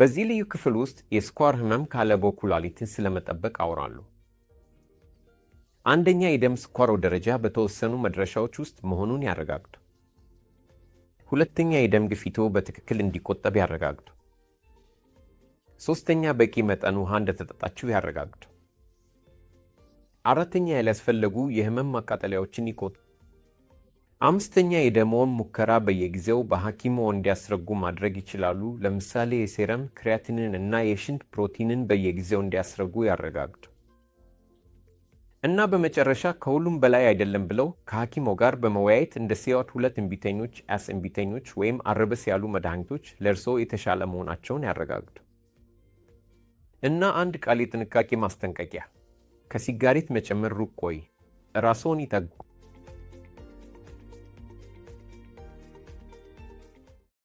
በዚህ ልዩ ክፍል ውስጥ የስኳር ህመም ካለቦ ኩላሊትን ስለመጠበቅ አውራሉ። አንደኛ የደም ስኳር ደረጃ በተወሰኑ መድረሻዎች ውስጥ መሆኑን ያረጋግጡ። ሁለተኛ የደም ግፊቶ በትክክል እንዲቆጠብ ያረጋግጡ። ሶስተኛ በቂ መጠን ውሃ እንደተጠጣችው ያረጋግጡ። አራተኛ ያላስፈለጉ የህመም ማቃጠሊያዎችን ይቆጥ አምስተኛ የደመወን ሙከራ በየጊዜው በሐኪምዎ እንዲያስረጉ ማድረግ ይችላሉ። ለምሳሌ የሴረም ክሪያቲንን እና የሽንት ፕሮቲንን በየጊዜው እንዲያስረጉ ያረጋግጡ። እና በመጨረሻ ከሁሉም በላይ አይደለም ብለው ከሐኪሞ ጋር በመወያየት እንደ ሲዋት ሁለት እንቢተኞች፣ አስ እንቢተኞች ወይም አረበስ ያሉ መድኃኒቶች ለእርስዎ የተሻለ መሆናቸውን ያረጋግጡ። እና አንድ ቃል የጥንቃቄ ማስጠንቀቂያ ከሲጋሬት መጨመር ሩቅ ቆይ። ራስዎን ይጠጉ።